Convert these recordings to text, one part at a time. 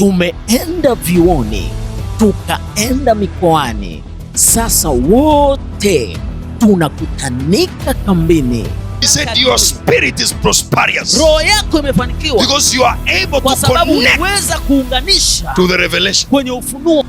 tumeenda vioni tukaenda mikoani, sasa wote tunakutanika kambini. He said your spirit is prosperous. Roho yako imefanikiwa. Because you are able to connect. Kwa sababu unaweza kuunganisha. To the revelation. Kwenye ufunuo.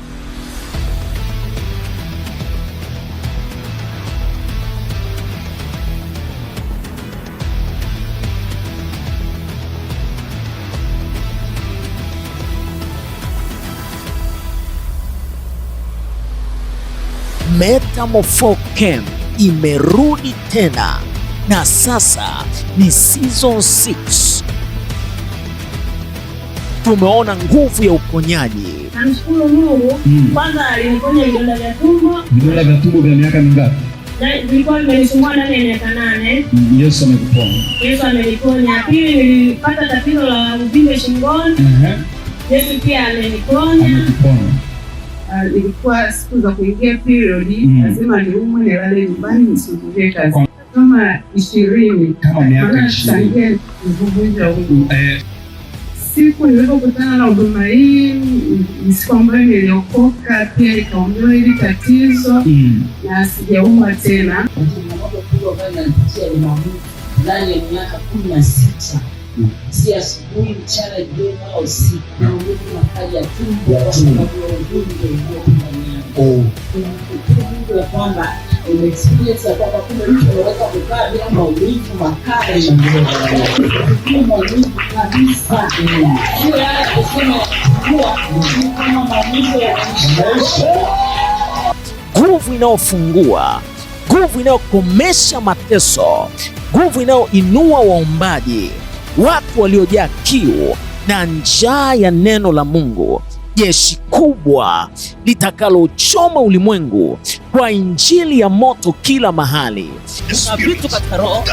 Metamorpho Camp imerudi tena na sasa ni season 6. Tumeona nguvu ya uponyaji. Namshukuru Mungu hmm. kwanza, aliniponya vidonda vya tumbo. Vidonda vya tumbo vya miaka mingapi? ndani ya miaka nane. Hmm, Yesu amekuponya. Yesu ameniponya. Pili, nilipata tatizo la uvimbe shingoni. Yesu pia ameniponya uh, ilikuwa siku za kuingia period, mm. lazima mm. niumwe nilale nyumbani nisumbulie kazi kama ishirini tangia kuvunja huku. Mm, eh. Siku nilipokutana na huduma hii ni siku ambayo niliokoka pia, nikaondoa hili tatizo mm. na sijaumwa tena. Changamoto kubwa ambayo nalipitia ndani ya miaka kumi na sita si asubuhi, mchana, jioni au usiku. Maumivu makali ya tumbo kwa sababu ya uvimbe uliokuwa ndani yako, oh. kwamba umeexperience kwamba kumbe mtu anaweza kukaa bila maumivu makali, maumivu kabisa, kusema kuwa kama maumivu ya nguvu inayofungua nguvu inayokomesha mateso, nguvu inayoinua waombaji watu waliojaa kiu na njaa ya neno la Mungu jeshi kubwa litakalochoma ulimwengu kwa injili ya moto kila mahali. Kuna vitu katika roho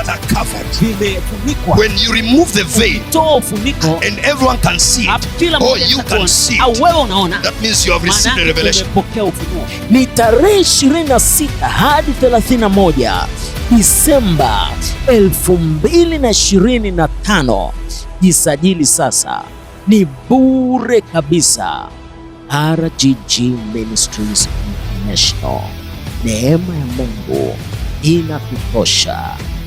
vimefunikwa. When you remove the veil and everyone can see it, or oh, you can see it, au wewe unaona, that means you have received a revelation. Ni tarehe 26 hadi 31 Disemba 2025. Jisajili sasa ni bure kabisa. RGG Ministries International, neema ya Mungu inakutosha.